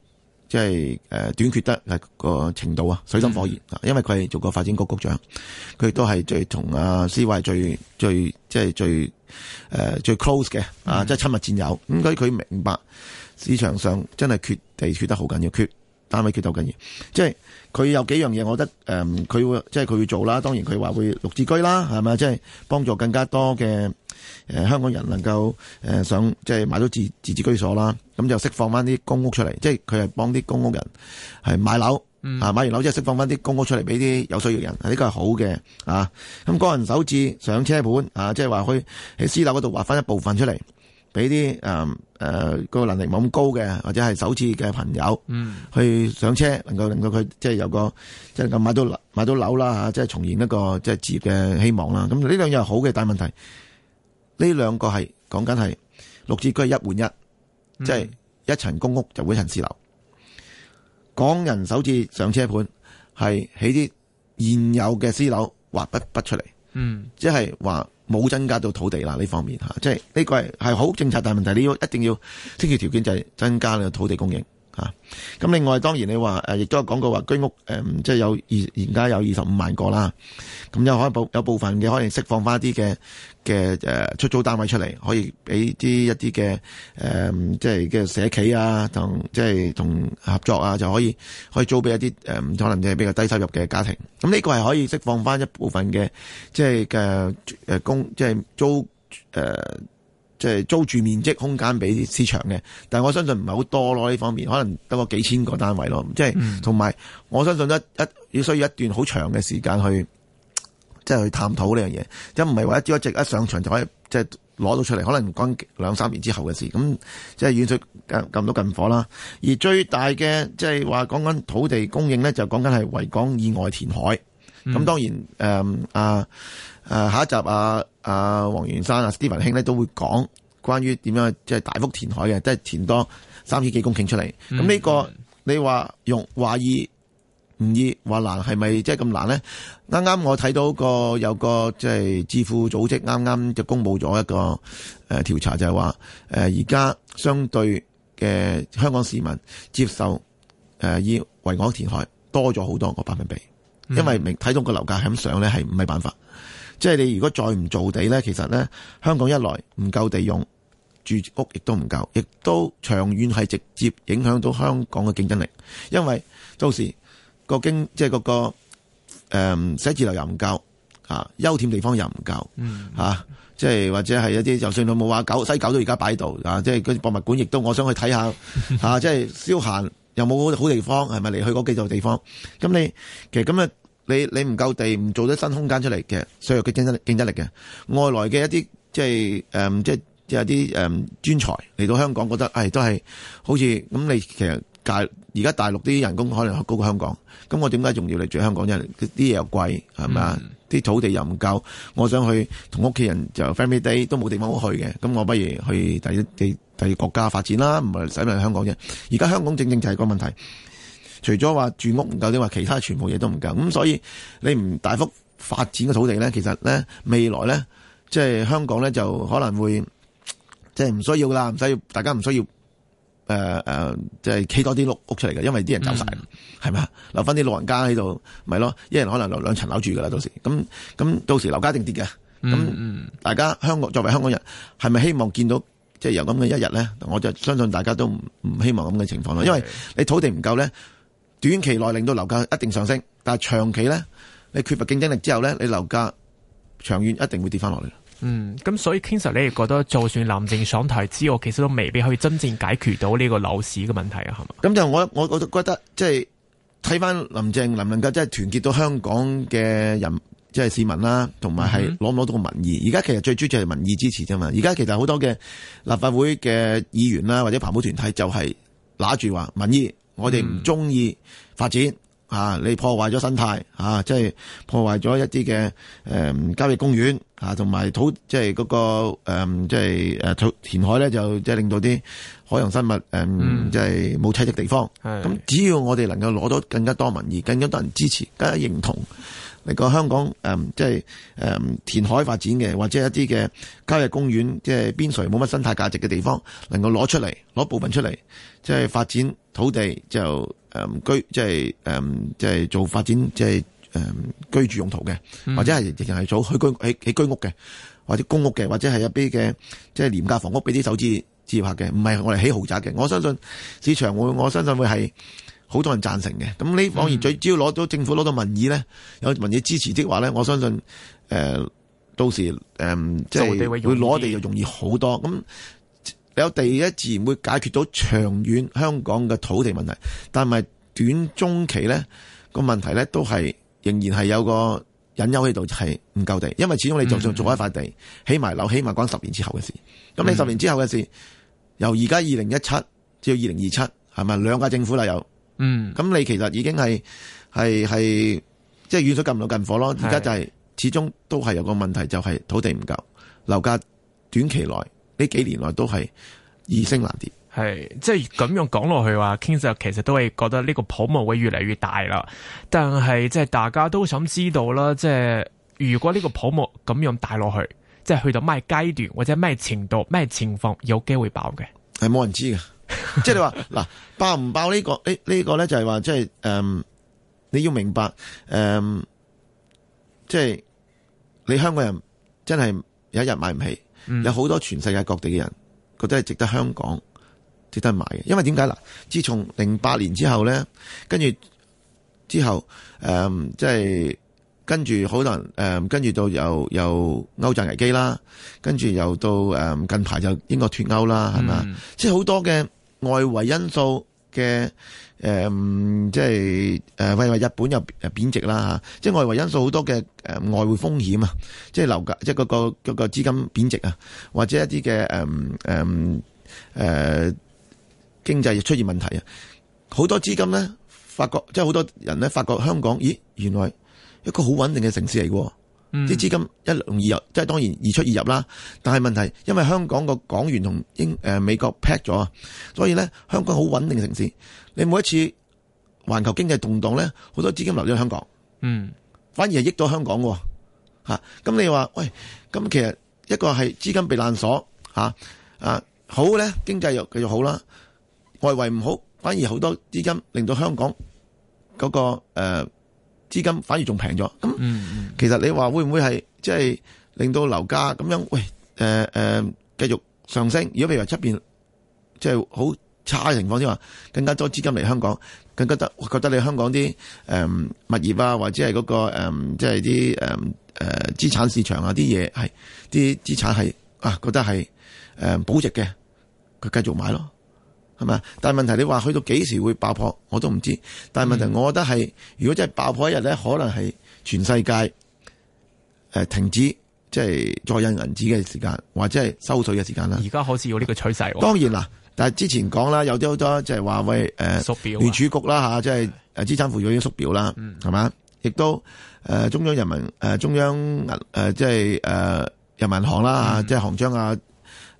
即係誒短缺得個程度啊，水深火熱啊！嗯、因為佢係做過發展局局長，佢都係最同阿 CY 最最即係、就是、最誒、呃、最 close 嘅啊，即係、嗯、親密戰友。所以佢明白市場上真係缺地缺得好緊要缺。單位決鬥緊要，即係佢有幾樣嘢，我覺得誒，佢、嗯、即係佢要做啦。當然佢話會綠置居啦，係咪即係幫助更加多嘅、呃、香港人能夠誒想、呃，即係買到自自置居所啦。咁就釋放翻啲公屋出嚟，即係佢係幫啲公屋人係買樓，嗯、啊買完樓之後釋放翻啲公屋出嚟俾啲有需要人，呢個係好嘅啊。咁、那個人首置上車盤啊，即係話去喺私樓嗰度劃翻一部分出嚟。俾啲誒誒個能力冇咁高嘅，或者係首次嘅朋友，去上車，能夠令到佢即係有個即係能夠買到樓買到樓啦吓，即係重現一個即係置業嘅希望啦。咁呢兩樣好嘅，大問題呢兩個係講緊係六字居一換一，嗯、即係一層公屋就會一層私樓。港人首次上車盤係起啲現有嘅私樓劃不不出嚟，嗯，即係話。冇增加到土地啦，呢方面吓，即係呢個係好政策，但係問題你要一定要適切條件，就係增加你嘅土地供應。咁、啊、另外，當然你話、啊、亦都有講過話居屋、嗯、即係有而而家有二十五萬個啦。咁、啊、有可能部有部分嘅可以釋放翻一啲嘅嘅出租單位出嚟，可以俾啲一啲嘅、啊、即係嘅社企啊，同即係同合作啊，就可以可以租俾一啲、啊、可能嘅比較低收入嘅家庭。咁呢個係可以釋放翻一部分嘅，即係嘅誒供，即係租誒。啊。即係租住面積空間俾市場嘅，但係我相信唔係好多咯呢方面，可能得個幾千個單位咯。即係同埋，我相信一一要需要一段好長嘅時間去，即係去探討呢樣嘢，即唔係話一朝一夕一上場就可以即係攞到出嚟，可能講兩三年之後嘅事。咁即係遠水撳到近，近，近火啦。而最大嘅即係話講緊土地供應呢，就講緊係維港以外填海。咁、嗯、當然誒、嗯、啊！誒下一集啊！啊，黃元山啊，Steven 兄咧，都會講關於點樣即係大幅填海嘅，即係填多三千幾公頃出嚟。咁、嗯、呢個你話用話易唔易話難係咪即係咁難咧？啱啱我睇到個有個即係智庫組織啱啱就公佈咗一個誒、呃、調查就，就係話誒而家相對嘅香港市民接受誒以維港填海多咗好多個百分比，因為明睇到個樓價係咁上咧，係唔係辦法？即係你如果再唔造地咧，其實咧香港一來唔夠地用，住屋亦都唔夠，亦都長遠係直接影響到香港嘅競爭力。因為到時、個經即係、嗰個誒、嗯、寫字樓又唔夠啊，優閒地方又唔夠嚇，即係或者係一啲就算有冇話九西九都而家擺度啊，即係嗰啲博物館亦都我想去睇下嚇、啊，即係消閒又冇好地方係咪嚟去嗰幾座地方？咁你其實咁啊～你你唔夠地，唔做啲新空間出嚟嘅，削弱佢競爭競爭力嘅。外來嘅一啲即係、嗯、即係即係啲誒專才嚟到香港，覺得誒、哎、都係好似咁。你其實大而家大陸啲人工可能高過香港，咁我點解仲要嚟住香港？因啲嘢又貴係咪啊，啲土地又唔夠。我想去同屋企人就 family day 都冇地方好去嘅，咁我不如去第一第第二國家發展啦，唔係使落嚟香港啫。而家香港正正就係個問題。除咗話住屋唔夠，啲話其他全部嘢都唔夠。咁所以你唔大幅發展嘅土地咧，其實咧未來咧，即係香港咧就可能會即係唔需要啦，唔使要大家唔需要誒誒，即係企多啲屋屋出嚟嘅，因為啲人走晒。嗯，係嘛，留翻啲老人家喺度，咪咯，一人可能留兩層樓住㗎啦。到時咁咁，到時樓價定跌嘅。咁大家香港作為香港人，係咪希望見到即係有咁嘅一日咧？我就相信大家都唔唔希望咁嘅情況咯，因為你土地唔夠咧。短期內令到樓價一定上升，但係長期咧，你缺乏競爭力之後咧，你樓價長遠一定會跌翻落嚟。嗯，咁所以 King Sir 你哋覺得，就算林鄭上台之後，其實都未必可以真正解決到呢個樓市嘅問題啊？係嘛？咁就我，我我都覺得，即係睇翻林鄭能唔能夠即係團結到香港嘅人，即係市民啦，同埋係攞唔攞到個民意。而、嗯、家其實最主要係民意支持啫嘛。而家其實好多嘅立法會嘅議員啦，或者貧保團體就係拿住話民意。我哋唔中意發展、嗯，啊！你破壞咗生態，啊！即係破壞咗一啲嘅誒郊野公園，啊，同埋土即係嗰個誒，即係誒土填海咧，就即係令到啲海洋生物誒，即係冇棲息地方。咁、嗯、只要我哋能夠攞到更加多民意，更加多人支持，更加認同，你個香港誒、嗯，即係誒、嗯、填海發展嘅，或者一啲嘅郊野公園，即係邊陲冇乜生態價值嘅地方，能夠攞出嚟，攞部分出嚟。即、就、係、是、發展土地就誒、嗯、居，即係誒即係做發展即係誒居住用途嘅、嗯，或者係仍然係做去居起起居屋嘅，或者公屋嘅，或者係一啲嘅即係廉價房屋俾啲首次置業客嘅，唔係我哋起豪宅嘅。我相信市場會，我相信會係好、嗯、多人贊成嘅。咁呢，反而最只要攞到政府攞到民意咧，有民意支持的話咧，我相信誒、呃、到時誒即係會攞地又容易好多。咁。有地咧自然會解決到長遠香港嘅土地問題，但係短中期咧個問題咧都係仍然係有個隱憂喺度，係唔夠地，因為始終你就算做一塊地起埋樓，起碼講十年之後嘅事。咁你十年之後嘅事，由而家二零一七至到二零二七，係咪兩屆政府啦？又嗯，咁你其實已經係係係即係遠水救唔到近火咯。而家就係、是、始終都係有個問題，就係、是、土地唔夠，樓價短期內。呢幾年來都係易升難跌，係即係咁樣講落去話，其 實其實都係覺得呢個泡沫會越嚟越大啦。但係即係大家都想知道啦，即係如果呢個泡沫咁樣大落去，即係去到咩階段或者咩程度、咩情況有機會爆嘅，係冇人知㗎、 這個這個。即係你話嗱，爆唔爆呢個？誒，呢個咧就係話即係誒，你要明白誒，um, 即係你香港人真係有一日買唔起。有好多全世界各地嘅人，覺得係值得香港值得買嘅，因為點解嗱自從零八年之後咧，跟住之後誒即係跟住好多人，誒跟住到又又歐債危機啦，跟住又到誒近排就英國脫歐啦，係咪啊？嗯，即係好多嘅外圍因素。嘅誒，即係誒，喂圍日本又誒貶值啦吓，即係外圍因素好多嘅誒外匯風險啊，即係樓價，即係個個嗰個金貶值啊，或者一啲嘅誒誒誒經濟出現問題啊，好多資金咧發覺即係好多人咧發覺香港，咦，原來一個好穩定嘅城市嚟嘅。啲、嗯、資金一容易入，即係當然易出易入啦。但係問題，因為香港個港元同英、呃、美國 peg 咗啊，所以咧香港好穩定嘅城市。你每一次環球經濟動盪咧，好多資金流咗香港，嗯，反而係益咗香港喎。咁、啊、你話喂，咁其實一個係資金避難所啊，好咧，經濟又繼續好啦。外圍唔好，反而好多資金令到香港嗰、那個、呃資金反而仲平咗，咁其實你話會唔會係即係令到樓價咁樣？喂，誒、呃、誒、呃、繼續上升。如果譬如話出邊即係好差嘅情況之下，更加多資金嚟香港，更加得覺得你香港啲誒、嗯、物業啊，或者係嗰、嗰個即係啲誒誒資產市場啊啲嘢係啲資產係啊覺得係誒保值嘅，佢繼續買咯。係嘛？但係問題，你話去到幾時會爆破，我都唔知。但係問題，我覺得係如果真係爆破一日咧，可能係全世界誒停止，即係再印銀紙嘅時間，或者係收水嘅時間啦。而家好似有呢個趨勢、啊。當然啦，但係之前講啦，有啲好多即係話喂誒，聯、就、儲、是呃啊、局啦吓，即係誒資產負債表已經縮表啦，係、嗯、嘛？亦都誒、呃、中央人民誒、呃、中央銀誒、呃、即係誒、呃、人民銀行啦，即係行長啊。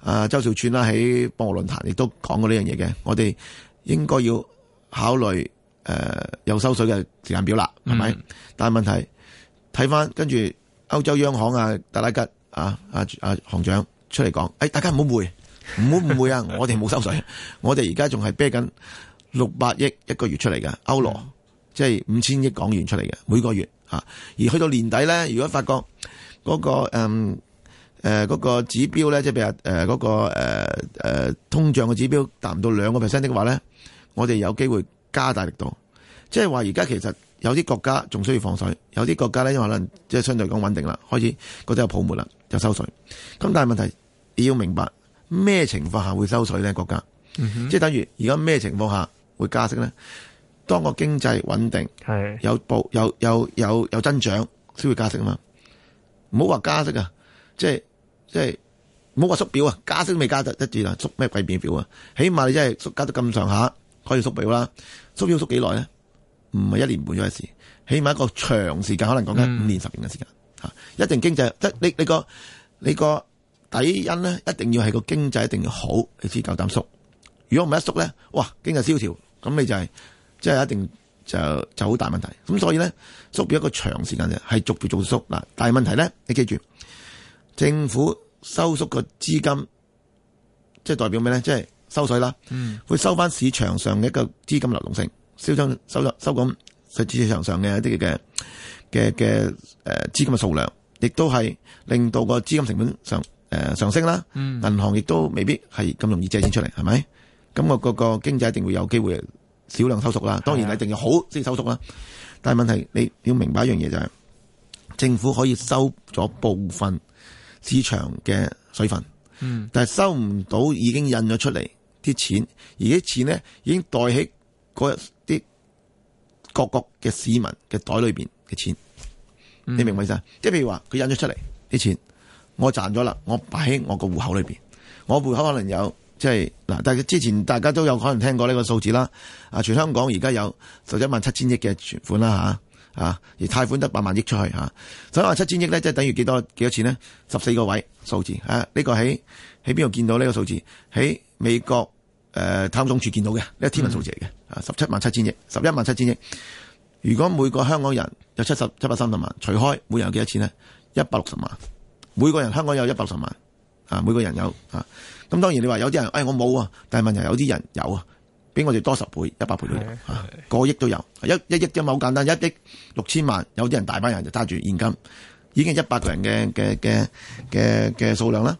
啊，周小川啦，喺博鰲論壇亦都講過呢樣嘢嘅，我哋應該要考慮誒有收水嘅時間表啦、嗯。但係問題睇翻，跟住歐洲央行啊，德拉吉啊，啊，啊行長出嚟講，誒、哎，大家唔好誤會，唔好誤會啊， 我哋冇收水，我哋而家仲係啤緊六百億一個月出嚟嘅歐羅，即係五千億港元出嚟嘅每個月啊。而去到年底咧，如果發覺嗰、那個誒。嗯誒、呃、嗰、那個指標咧，即係譬如誒、嗰、那個誒誒、呃呃、通脹嘅指標達唔到兩個 percent 嘅話咧，我哋有機會加大力度。即係話而家其實有啲國家仲需要放水，有啲國家咧因為，可能即係相對講穩定啦，開始覺得有泡沫啦，就收水。咁但係問題，你要明白咩情況下會收水咧？國家，嗯、即係等於而家咩情況下會加息咧？當個經濟穩定，係有有有有有增長，先會加息啊嘛。唔好話加息啊，即係。即係唔好話縮表啊，加息都未加，加得一至啦，縮咩鬼變表啊？起碼你真係縮加得咁上下，可以縮表啦。縮表縮幾耐呢？唔係一年半載嘅事，起碼一個長時間，可能講緊五年十年嘅時間吓。嗯。一定經濟即係你你個你個底因咧，一定要係個經濟一定要好，你先夠膽縮。如果唔係一縮咧，哇，經濟蕭條，咁你就係、是、即係一定就就好大問題。咁所以咧，縮表一個長時間嘅係逐步做縮嗱，但係問題咧，你記住。政府收縮個資金，即係代表咩咧？即係收水啦，會收返市場上嘅一個資金流動性，收縮、收收緊在市場上嘅一啲嘅嘅嘅誒資金嘅數量，亦都係令到個資金成本上誒、呃、上升啦。銀、嗯、行亦都未必係咁容易借錢出嚟，係咪？咁、那、我個個經濟一定會有機會少量收縮啦。當然一定要好先收縮啦，但係問題你要明白一樣嘢，就係、是，政府可以收咗部分。市場嘅水分，嗯，但係收唔到已經印咗出嚟啲錢，而啲錢呢已經袋喺嗰啲各國嘅市民嘅袋裏面嘅錢，你明唔明意思？即、嗯、係譬如話，佢印咗出嚟啲錢，我賺咗啦，我擺喺我個戶口裏面。我戶口可能有即係嗱，但係之前大家都有可能聽過呢個數字啦，啊，全香港而家有十一萬七千億嘅存款啦嚇啊！而貸款得八萬億出去嚇、啊，所以話七千億咧，即係等於幾多幾多錢呢？十四個位數字啊！呢、呢個喺喺邊度見到呢個數字？喺美國誒、呃、貪總署見到嘅，呢個天文數字嚟嘅啊！十七萬七千億，十一萬七千億。如果每個香港人有七十七百三十萬，除開每人有幾多錢呢？一百六十萬，每個人香港有一百六十萬啊！每個人有啊，咁當然你話有啲人，哎我冇啊，但係問題有啲人有啊。俾我哋多十倍、一百倍都有，是是是個億都有，一一億啫嘛，好簡單，一億六千萬，有啲人大班人就揸住現金，已經一百個人嘅嘅嘅嘅嘅數量啦。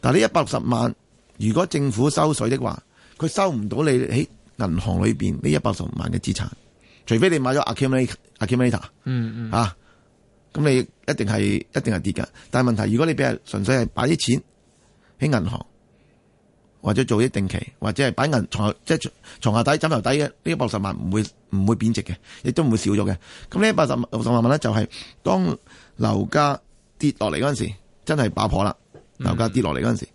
但係呢一百六十萬，如果政府收稅的話，佢收唔到你喺銀行裏邊呢一百六十萬嘅資產，除非你買咗 accumulator accumulator，嗯嗯、啊，吓，咁你一定係一定係跌噶。但係問題，如果你俾人純粹係擺啲錢喺銀行。或者做啲定期，或者係擺銀床，即係床下，床下底、枕頭底嘅呢一百六十萬唔會唔會貶值嘅，亦都唔會少咗嘅。咁呢一百六十六十萬咧、就是，就係當樓價跌落嚟嗰陣時候，真係爆破啦、嗯！樓價跌落嚟嗰陣時候，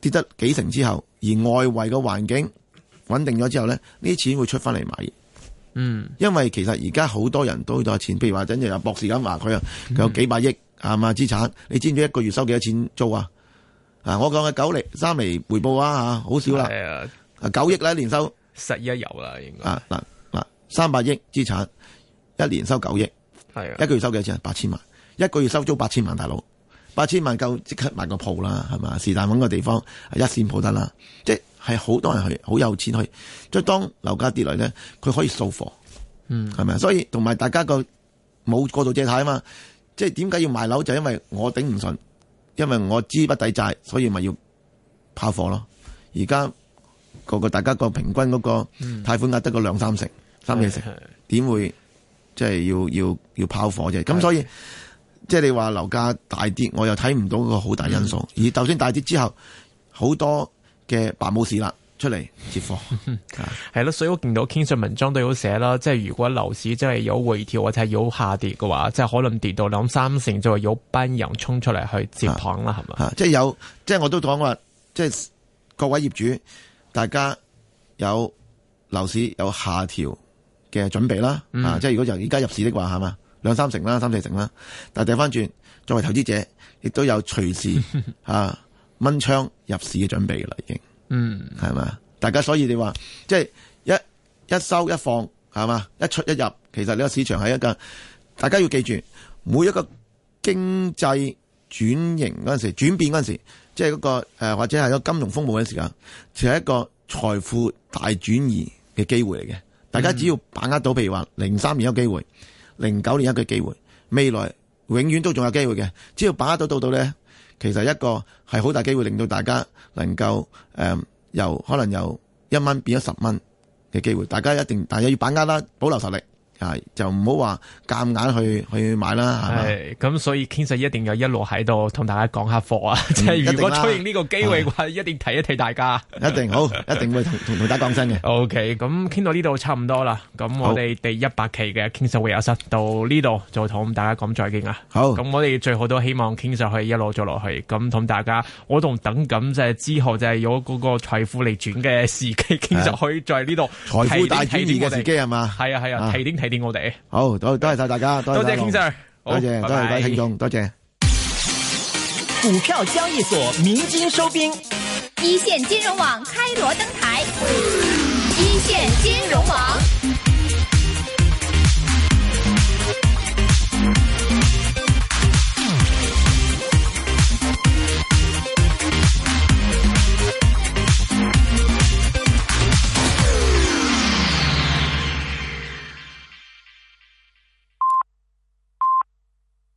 跌得幾成之後，而外圍嘅環境穩定咗之後呢，呢啲錢會出翻嚟買。嗯，因為其實而家好多人都好多錢，譬如話，等住博士咁話佢啊，有幾百億啊嘛資產，你知唔知一個月收幾多錢租啊？啊！我講嘅九厘三厘回報啊吓，好少啦、啊。九億啦，一年收十一有啦，應該。啊嗱嗱、啊啊，三百億資產，一年收九億，係一個月收幾多錢？八千萬，一個月收租八千萬，大佬八千萬夠即刻買個鋪啦，係嘛？是但搵個地方，一線鋪得啦。即係好多人去，好有錢去。即係當樓價跌落咧，佢可以掃貨，嗯，係咪？所以同埋大家個冇過度借貸啊嘛。即係點解要賣樓？就因為我頂唔順。因為我資不抵債，所以咪要拋貨咯。而家個個大家個平均嗰個貸款額得個兩三成、三幾成，點會即係要要要拋貨啫？咁所以即係你話樓價大跌，我又睇唔到個好大因素。是是而就算大跌之後，好多嘅白武士啦。出嚟接貨，係 咯，所以我見到 King Sir 文章都有寫啦，即係如果樓市真係有回調或者有下跌嘅話，即係可能跌到兩三成，就係有班人衝出嚟去接棒啦，係、啊、嘛、啊啊，即係有，即係我都講話，即係各位業主，大家有樓市有下調嘅準備啦，啊，嗯、啊即係如果由依家入市的話，係嘛，兩三成啦，三四成啦，但係掉翻轉，作為投資者，亦都有隨時啊掹槍入市嘅準備啦，已經。嗯，係嘛？大家所以你話即係一一收一放，係嘛？一出一入，其實呢個市場係一個大家要記住，每一個經濟轉型嗰陣時、轉變嗰陣時，即係嗰個誒，或者係個金融風暴嗰陣時間，就係一個財富大轉移嘅機會嚟嘅。大家只要把握到，譬如話零三年有機會，零九年一個機會，未來永遠都仲有機會嘅。只要把握到到到咧。其實一個係好大機會，令到大家能夠誒由可能由一蚊變咗十蚊嘅機會，大家一定但係要把握啦，保留實力，就唔好話夾硬去去買啦，係咁所以 King Sir 一定有一路喺度同大家講下樓啊！即、嗯、係如果出現呢個機會嘅、嗯、話，一定提一提大家。一定好，一定會同同大家講真嘅。OK，咁傾到呢度差唔多啦。咁我哋第一百期嘅 King Sir 會客室到呢度就同大家講再見啊。好，咁、 okay, 我哋最好都希望 King Sir 可以一路做落去。咁同大家，我同等緊，即係之後就係有嗰個財富逆轉嘅時機 King Sir 可以在呢度財富大逆嘅時機係嘛？係啊係啊，提點、啊、提。啊我哋好好多，多謝晒大家，多謝、謝 King Sir，多謝多謝各位聽眾，多謝。股票交易所鳴金收兵，一線金融網開鑼登台， 一線金融網。